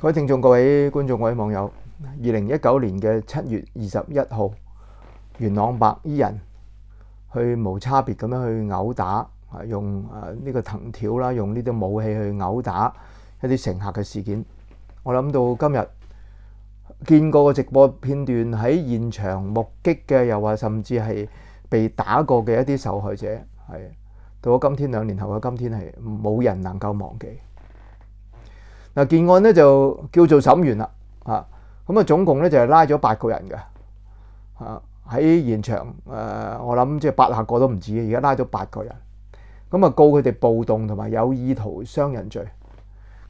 各位聽眾、各位觀眾、各位網友，二零一九年嘅七月二十一號，元朗白衣人去無差別咁樣去毆打，用誒呢個藤條啦，用呢啲武器去毆打一啲乘客嘅事件，我諗到今日見過嘅直播片段，喺現場目擊嘅，又話甚至係被打過嘅一啲受害者，係到咗今天兩年後嘅今天，係冇人能夠忘記。嗱，件案咧，就叫做審完啦，啊，咁啊，總共咧就係拉咗八個人嘅，啊喺現場誒、呃，我諗即係八百個都唔止，而家拉咗八個人，咁啊告佢哋暴動同埋有意圖傷人罪，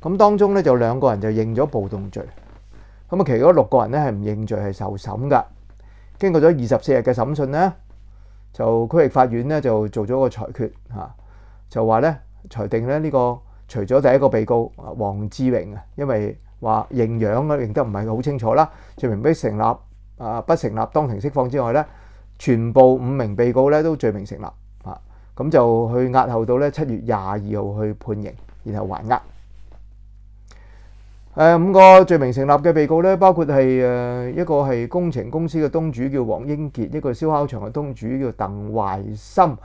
咁當中咧就兩個人就認咗暴動罪，咁啊其餘嗰六個人咧係唔認罪係受審噶，經過咗二十四日嘅審訊咧，就區域法院咧就做咗個裁決，吓、啊、就話咧裁定咧呢、這個。除咗第一個被告啊，黃志榮啊，因為話認樣啊認得唔係好清楚啦，罪名不成立啊，不成立當庭釋放之外咧，全部五名被告咧都罪名成立啊，咁就去押後到咧七月廿二號去判刑，然後還押。誒五個罪名成立嘅被告咧，包括係誒一個係工程公司嘅東主叫黃英傑，一個燒烤場嘅東主叫鄧懷森，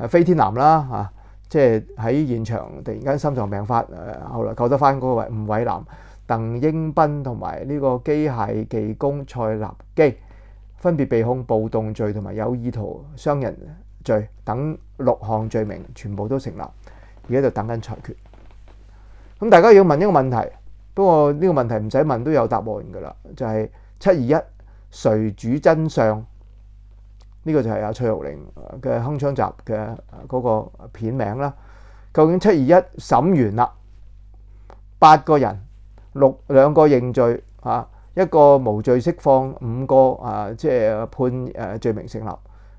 係飛天男啦啊。即係喺現場突然間心臟病發，後來救得翻嗰位吳偉南、鄧英斌同埋呢個機械技工蔡立基，分別被控暴動罪同埋有意圖傷人罪等六項罪名，全部都成立，而家就等緊裁決。咁大家要問一個問題，不過呢個問題唔使問都有答案㗎啦，就係七二一誰主真相？呢個就係阿蔡玉玲嘅《鏗鏘集》嘅嗰個片名啦。究竟七二一審完啦，八個人六兩個認罪，啊一個無罪釋放，五個啊即係判誒罪名成立。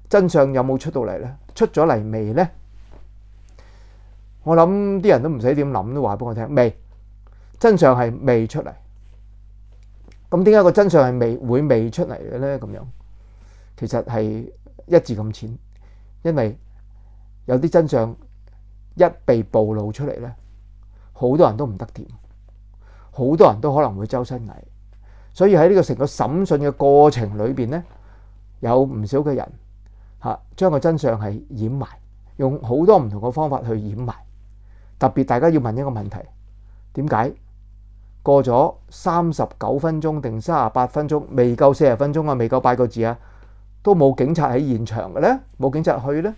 真相有冇出到嚟咧？出咗嚟未咧？我諗啲人都唔使點諗都話俾我聽，未真相係未出嚟。咁點解個真相係未會未出嚟嘅咧？咁樣？其實係一字咁淺，因為有啲真相一被暴露出嚟咧，好多人都唔得掂，好多人都可能會周身蟻。所以喺呢個成個審訊嘅過程裏邊咧，有唔少嘅人嚇將個真相係掩埋，用好多唔同嘅方法去掩埋。特別大家要問一個問題：點解過咗三十九分鐘定三十八分鐘？未夠四十分鐘啊！未夠八個字啊！都冇警察喺現場嘅咧，冇警察去咧。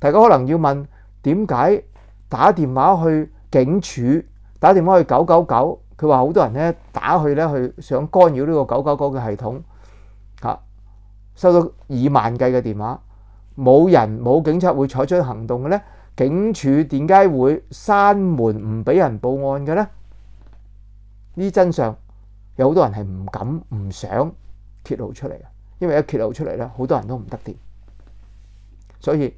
大家可能要問點解打電話去警署，打電話去九九九，佢話好多人咧打去咧去想干擾呢個九九九嘅系統，嚇收到二萬計嘅電話，冇人冇警察會採取行動嘅咧。警署點解會閂門唔俾人報案嘅咧？呢真相有好多人係唔敢唔想揭露出嚟嘅！因為一揭露出嚟咧，好多人都唔得掂，所以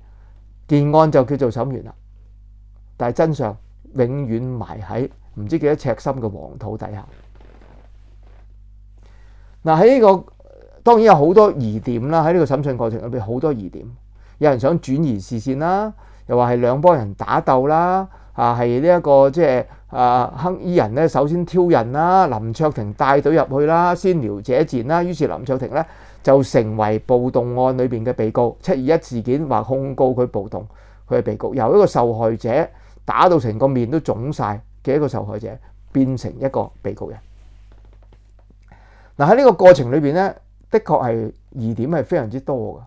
件案就叫做審完啦。但係真相永遠埋喺唔知幾多尺深嘅黃土底下。嗱、啊，喺呢、這個當然有好多疑點啦。喺呢個審訊過程入邊，好多疑點，有人想轉移視線啦，又話係兩幫人打鬥啦，啊，係呢一個即、就、係、是、啊，黑衣人咧首先挑釁啦，林卓廷帶隊入去啦，先撩者賤啦，於是林卓廷咧。就成為暴動案裏邊嘅被告，七二一事件話控告佢暴動，佢係被告，由一個受害者打到成個面都腫晒嘅一個受害者，變成一個被告人。嗱，喺呢個過程裏邊呢，的確係疑點係非常之多噶，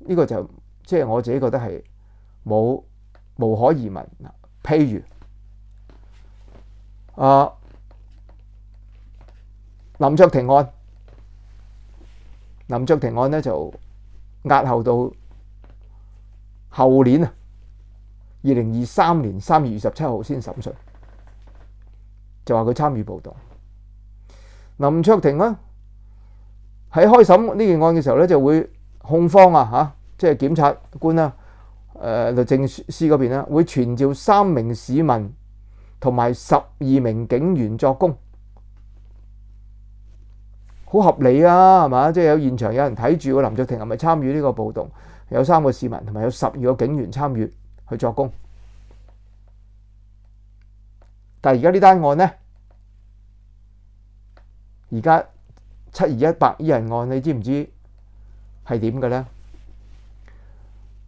呢個就即係我自己覺得係冇無可疑問。譬如啊，林卓廷案。林卓廷案咧，就押後到後年啊，二零二三年三月二十七號先審訊，就話佢參與暴動。林卓廷啊，喺開審呢件案嘅時候咧，就會控方啊吓，即係檢察官啊，誒律政司嗰邊啦，會傳召三名市民同埋十二名警員作供。好合理啊，係嘛？即係有現場有人睇住個林卓廷係咪參與呢個暴動？有三個市民同埋有十二個警員參與去作供。但係而家呢單案呢，而家七二一白衣人案，你知唔知係點嘅呢？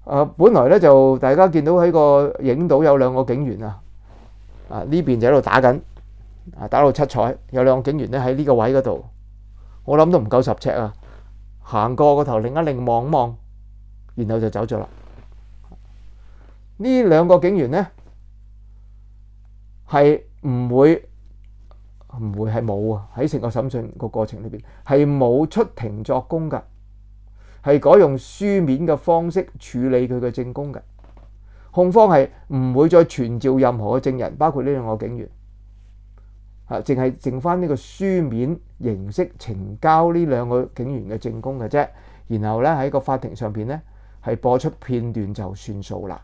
啊，本來呢，就大家見到喺個影到有兩個警員啊，啊呢邊就喺度打緊，啊打到七彩，有兩個警員呢，喺呢個位嗰度。我諗都唔夠十尺啊，行過個頭，擰一擰望一望，然後就走咗啦。呢兩個警員咧，係唔會唔會係冇啊？喺成個審訊個過程裏邊，係冇出庭作供嘅，係改用書面嘅方式處理佢嘅證供嘅。控方係唔會再傳召任何嘅證人，包括呢兩個警員。啊！淨係剩翻呢個書面形式呈交呢兩個警員嘅證供嘅啫，然後咧喺個法庭上邊咧係播出片段就算數啦。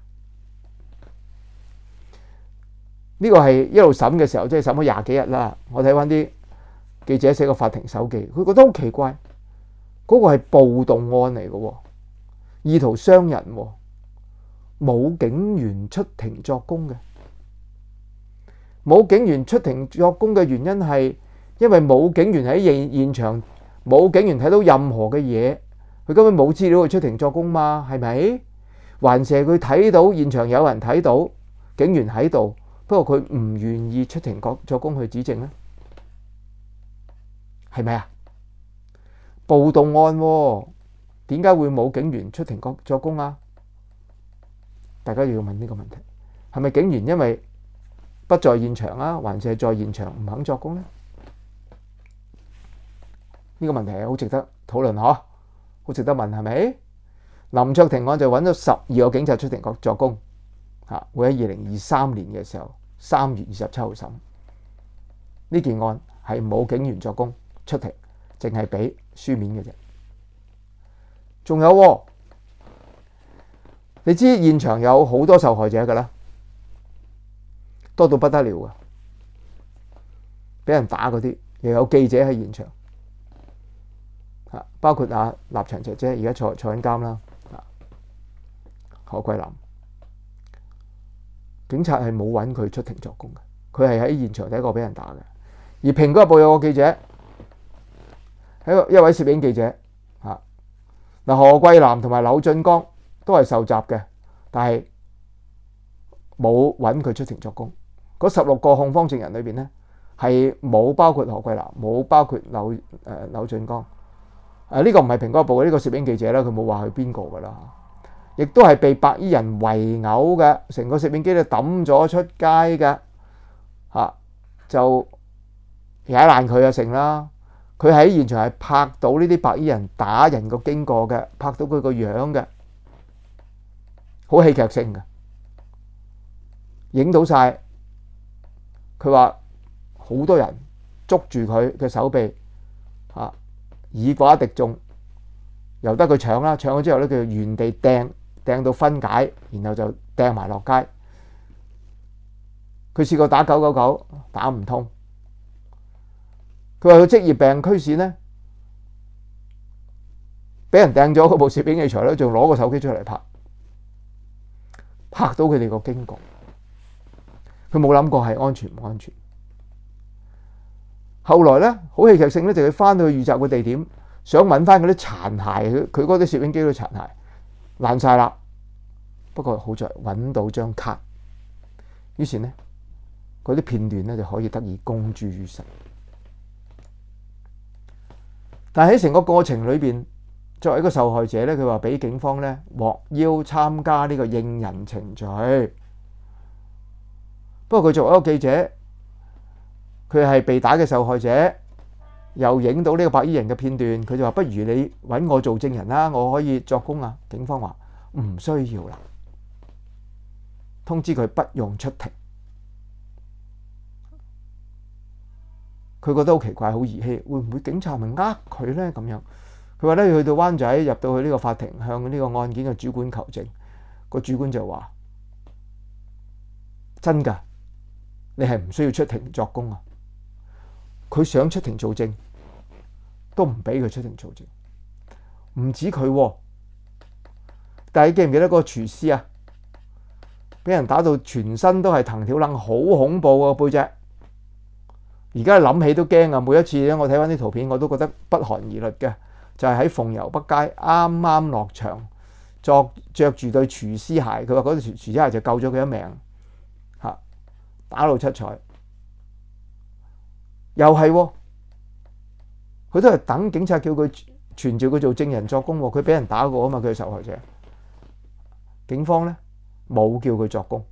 呢個係一路審嘅時候，即係審咗廿幾日啦。我睇翻啲記者寫個法庭手記，佢覺得好奇怪，嗰個係暴動案嚟嘅，意圖傷人，冇警員出庭作供嘅。冇警員出庭作供嘅原因係，因為冇警員喺現現場，冇警員睇到任何嘅嘢，佢根本冇資料去出庭作供嘛，係咪？還是佢睇到現場有人睇到警員喺度，不過佢唔願意出庭作作供去指證咧，係咪啊？暴動案點解會冇警員出庭作作供啊？大家要問呢個問題，係咪警員因為？不在現場啊，還是在現場唔肯作供呢？呢個問題好值得討論，嗬，好值得問係咪？林卓廷案就揾咗十二個警察出庭作供，嚇，會喺二零二三年嘅時候三月二十七號審。呢件案係冇警員作供，出庭，淨係俾書面嘅啫。仲有，你知現場有好多受害者噶啦。多到不得了啊！俾人打嗰啲，又有記者喺現場吓，包括啊，立場姐姐而家坐坐緊監啦。何桂藍，警察係冇揾佢出庭作供嘅，佢係喺現場第一個俾人打嘅。而蘋果日報有一個記者，一一位攝影記者吓，嗱，何桂藍同埋柳俊江都係受襲嘅，但係冇揾佢出庭作供。嗰十六個控方證人裏邊咧，係冇包括何桂藍，冇包括劉誒劉俊剛。啊，呢個唔係蘋果報嘅呢個攝影記者啦，佢冇話佢邊個噶啦，亦都係被白衣人圍毆嘅，成個攝影機都揼咗出街嘅嚇，就踩爛佢啊！成啦，佢喺現場係拍到呢啲白衣人打人嘅經過嘅，拍到佢個樣嘅，好戲劇性嘅，影到晒。佢話好多人捉住佢嘅手臂，嚇以寡敵眾，由得佢搶啦，搶咗之後咧，佢就原地掟，掟到分解，然後就掟埋落街。佢試過打九九九，打唔通。佢話佢職業病驅使咧，俾人掟咗部攝影器材咧，仲攞個手機出嚟拍，拍到佢哋個經過。佢冇諗過係安全唔安全。後來咧，好戲劇性咧，就要翻到去遇襲嘅地點，想揾翻嗰啲殘骸。佢佢嗰啲攝影機都殘骸爛晒啦。不過好在揾到張卡，於是咧，嗰啲片段咧就可以得以公諸於世。但係喺成個過程裏邊，作為一個受害者咧，佢話俾警方咧獲邀參加呢個認人程序。不過佢作為一個記者，佢係被打嘅受害者，又影到呢個白衣人嘅片段，佢就話：不如你揾我做證人啦，我可以作供啊！警方話唔需要啦，通知佢不用出庭。佢覺得好奇怪，好兒戲，會唔會警察咪呃佢呢？咁樣佢話呢，去到灣仔入到去呢個法庭，向呢個案件嘅主管求證，個主管就話真㗎。你係唔需要出庭作供啊。佢想出庭做證，都唔俾佢出庭做證。唔止佢，啊，但係你記唔記得嗰個廚師啊？俾人打到全身都係藤條楞，好恐怖啊背脊。而家諗起都驚啊！每一次咧，我睇翻啲圖片，我都覺得不寒而慄嘅。就係喺鳳攸北街，啱啱落場，着着住對廚師鞋，佢話嗰對廚廚師鞋就救咗佢一命。打到七彩，又係喎，佢都係等警察叫佢傳召佢做證人作供喎，佢俾人打過啊嘛，佢係受害者。警方咧冇叫佢作供，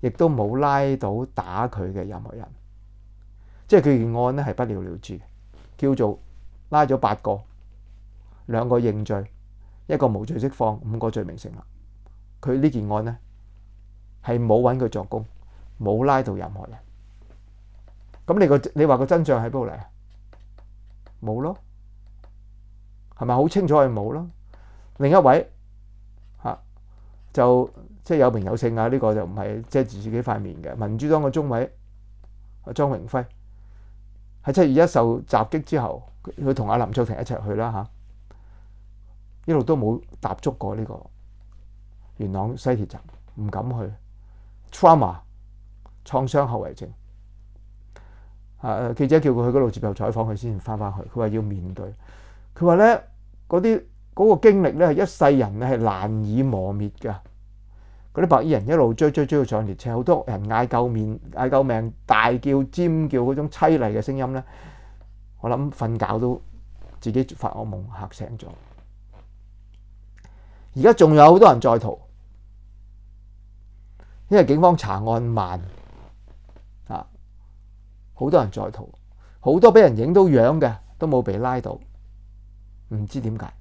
亦都冇拉到打佢嘅任何人，即係佢件案咧係不了了之，叫做拉咗八個，兩個認罪，一個無罪釋放，五個罪名成立。佢呢件案咧係冇揾佢作供。冇拉到任何人，咁你個你話個真相喺邊度嚟啊？冇咯，係咪好清楚係冇咯？另一位、啊、就即係、就是、有名有姓啊！呢、這個就唔係遮住自己塊面嘅民主黨嘅中委阿張榮輝喺七月一受襲擊之後，佢同阿林卓廷一齊去啦嚇，一、啊、路都冇踏足過呢、這個元朗西鐵站，唔敢去 trauma。Tra uma, 創傷後遺症，啊！記者叫佢去嗰度接受採訪，佢先返返去。佢話要面對，佢話咧嗰啲嗰個經歷咧係一世人咧係難以磨滅噶。嗰啲白衣人一路追追追到上列車，好多人嗌救命、嗌救命，大叫尖叫嗰種淒厲嘅聲音咧，我諗瞓覺都自己發惡夢，吓醒咗。而家仲有好多人在逃，因為警方查案慢。好多人在逃，好多俾人影到樣嘅都冇被拉到，唔知點解。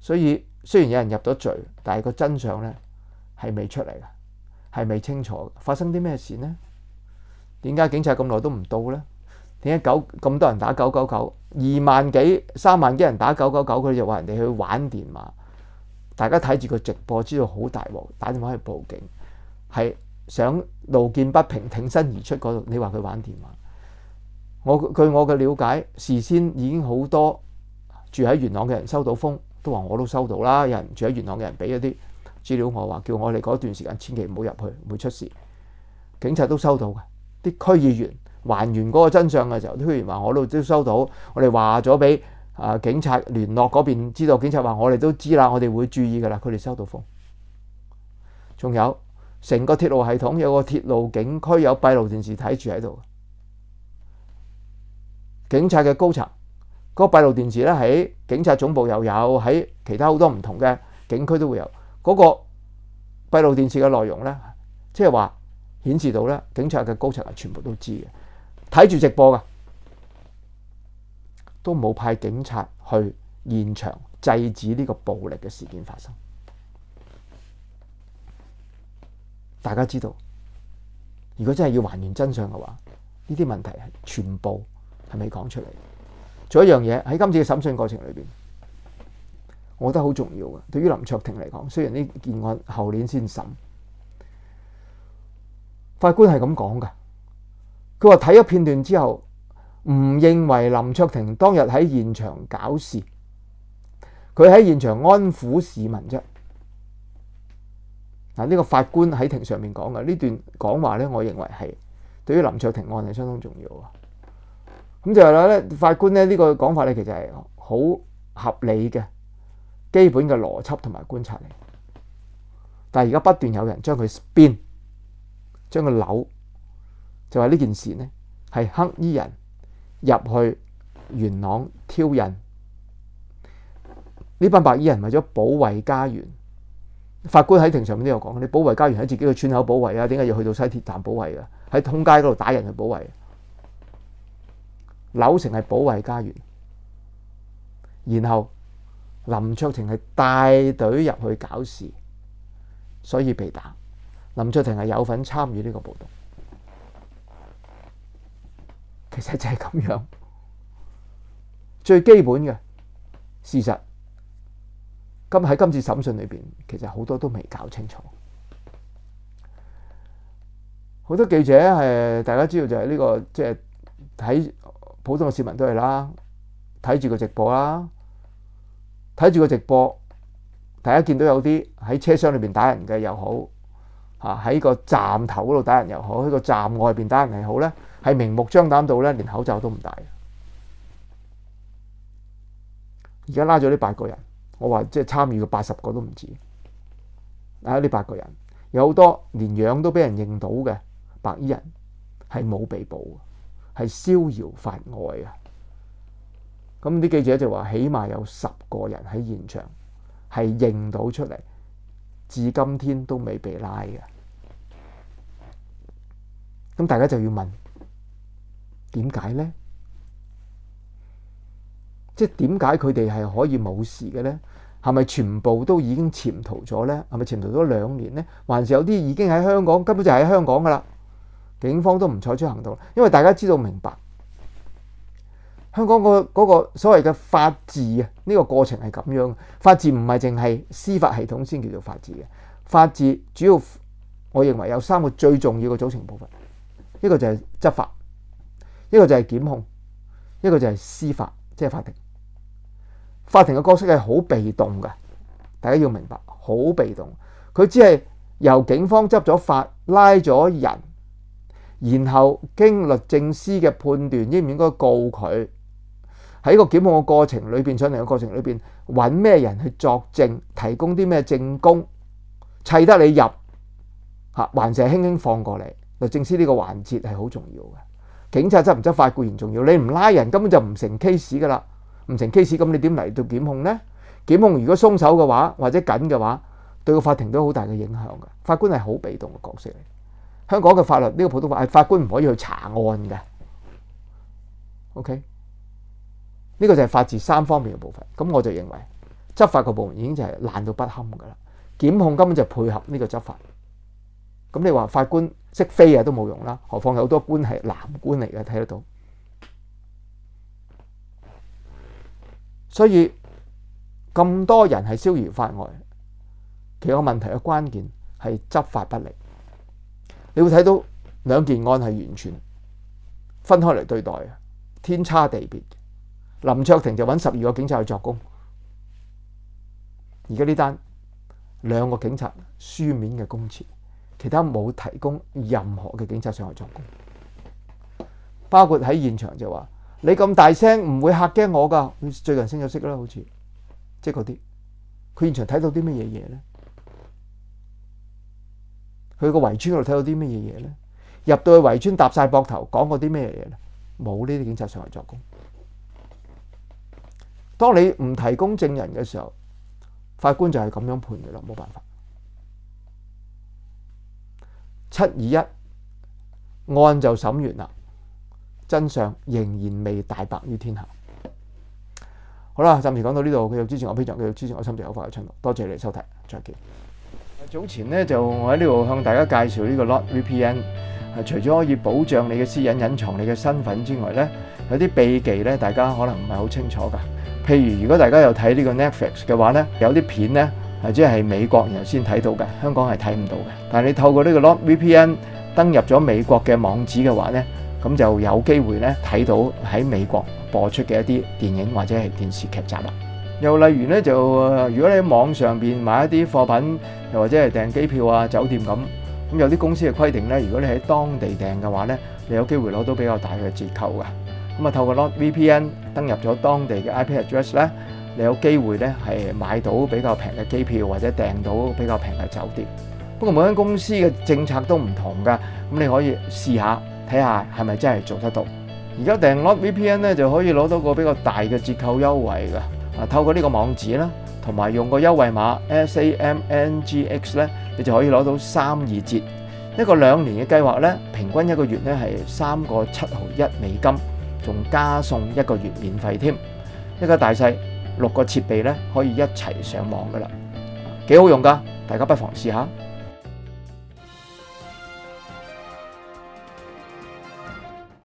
所以雖然有人入咗罪，但係個真相呢，係未出嚟嘅，係未清楚嘅，發生啲咩事呢？點解警察咁耐都唔到呢？點解九咁多人打九九九？二萬幾三萬幾人打九九九，佢就話人哋去玩電話。大家睇住個直播，知道好大鑊，打電話去報警係，是想路見不平挺身而出嗰度，你話佢玩電話？我據我嘅了解，事先已經好多住喺元朗嘅人收到風，都話我都收到啦。有人住喺元朗嘅人俾咗啲資料我話，叫我哋嗰段時間千祈唔好入去，唔會出事。警察都收到嘅，啲區議員還原嗰個真相嘅時候，區議員話我都都收到，我哋話咗俾啊警察聯絡嗰邊知道，警察話我哋都知啦，我哋會注意㗎啦，佢哋收到風。仲有。成個鐵路系統有個鐵路警區，有閉路電視睇住喺度，警察嘅高層嗰閉路電視咧，喺警察總部又有，喺其他好多唔同嘅警區都會有嗰個閉路電視嘅內容呢，即係話顯示到呢，警察嘅高層係全部都知嘅，睇住直播噶，都冇派警察去現場制止呢個暴力嘅事件發生。大家知道，如果真係要還原真相嘅話，呢啲問題係全部係未講出嚟？仲有一樣嘢喺今次嘅審訊過程裏邊，我覺得好重要嘅。對於林卓廷嚟講，雖然呢件案後年先審，法官係咁講嘅。佢話睇咗片段之後，唔認為林卓廷當日喺現場搞事，佢喺現場安撫市民啫。嗱，呢個法官喺庭上面講嘅呢段講話咧，我認為係對於林卓廷案係相當重要啊。咁就係啦，咧法官咧呢個講法咧，其實係好合理嘅基本嘅邏輯同埋觀察嚟。但係而家不斷有人將佢 spin，將佢扭，就話呢件事呢，係黑衣人入去元朗挑釁，呢班白衣人為咗保衞家園。法官喺庭上面都有講，你保衛家園喺自己嘅村口保衛啊，點解要去到西鐵站保衛啊？喺通街嗰度打人去保衛，柳城係保衛家園，然後林卓廷係帶隊入去搞事，所以被打。林卓廷係有份參與呢個暴動，其實就係咁樣，最基本嘅事實。今喺今次審訊裏邊，其實好多都未搞清楚。好多記者係大家知道就是、這個，就係呢個即係睇普通嘅市民都係啦，睇住個直播啦，睇住個直播，大家見到有啲喺車廂裏邊打人嘅又好，嚇喺個站頭嗰度打人又好，喺個站外邊打人係，好呢係明目張膽到呢，連口罩都唔戴。而家拉咗呢八個人。我話即係參與嘅八十個都唔止，啊呢八個人有好多連樣都俾人認到嘅白衣人係冇被捕，係逍遙法外啊！咁啲記者就話起碼有十個人喺現場係認到出嚟，至今天都未被拉嘅。咁大家就要問點解咧？即係點解佢哋係可以冇事嘅咧？係咪全部都已經潛逃咗呢？係咪潛逃咗兩年呢？還是有啲已經喺香港根本就喺香港㗎喇？警方都唔採取行動，因為大家知道明白，香港個嗰個所謂嘅法治啊，呢個過程係咁樣。法治唔係淨係司法系統先叫做法治嘅，法治主要我認為有三個最重要嘅組成部分，一個就係執法，一個就係檢控，一個就係司法，即係法庭。法庭嘅角色係好被動嘅，大家要明白，好被動。佢只係由警方執咗法，拉咗人，然後經律政司嘅判斷，應唔應該告佢？喺個檢控嘅過程裏邊、上庭嘅過程裏邊，揾咩人去作證，提供啲咩證供，砌得你入嚇，還是輕輕放過你？律政司呢個環節係好重要嘅，警察執唔執法固然重要，你唔拉人根本就唔成 case 㗎啦。唔成 case 咁，你點嚟到檢控呢？檢控如果鬆手嘅話，或者緊嘅話，對個法庭都有好大嘅影響嘅。法官係好被動嘅角色嚟。香港嘅法律呢、呢個普通法，係法官唔可以去查案嘅。OK，呢個就係法治三方面嘅部分。咁我就認為執法嘅部門已經就係爛到不堪嘅啦。檢控根本就配合呢個執法。咁你話法官識飛呀都冇用啦，何況有好多官係藍官嚟嘅，睇得到。所以咁多人係逍遙法外，其實問題嘅關鍵係執法不力。你會睇到兩件案係完全分開嚟對待，天差地別。林卓廷就揾十二個警察去作供，而家呢單兩個警察書面嘅供詞，其他冇提供任何嘅警察上去作供，包括喺現場就話。你咁大聲唔會嚇驚我噶，最近升咗息啦，好似即係嗰啲。佢現場睇到啲乜嘢嘢咧？佢個圍村嗰度睇到啲乜嘢嘢咧？入到去圍村搭晒膊頭講過啲咩嘢咧？冇呢啲警察上嚟作供。當你唔提供證人嘅時候，法官就係咁樣判嘅啦，冇辦法。七二一案就審完啦。真相仍然未大白於天下。好啦，暫時講到呢度。繼續支持我評論，繼續支持我的森直口快嘅頻道。多謝你收睇，再見。早前呢，就我喺呢度向大家介紹呢個 Lot VPN，係、啊、除咗可以保障你嘅私隱、隱藏你嘅身份之外呢，有啲秘技呢，大家可能唔係好清楚噶。譬如如果大家有睇呢個 Netflix 嘅話呢，有啲片呢，係、啊、即係美國人先睇到嘅，香港係睇唔到嘅。但係你透過呢個 Lot VPN 登入咗美國嘅網址嘅話呢。咁就有機會咧睇到喺美國播出嘅一啲電影或者係電視劇集啦。又例如咧，就如果你喺網上邊買一啲貨品，又或者係訂機票啊、酒店咁，咁有啲公司嘅規定咧，如果你喺當地訂嘅話咧，你有機會攞到比較大嘅折扣㗎。咁啊，透過 NordVPN 登入咗當地嘅 IP address a d 咧，你有機會咧係買到比較平嘅機票或者訂到比較平嘅酒店。不過每間公司嘅政策都唔同㗎，咁你可以試下。睇下係咪真係做得到？而家訂落 VPN 咧，就可以攞到個比較大嘅折扣優惠嘅。啊，透過呢個網址啦，同埋用個優惠碼 SAMNGX 咧，你就可以攞到三二折。一個兩年嘅計劃咧，平均一個月咧係三個七毫一美金，仲加送一個月免費添。一個大細六個設備咧，可以一齊上網噶啦，幾好用噶，大家不妨試下。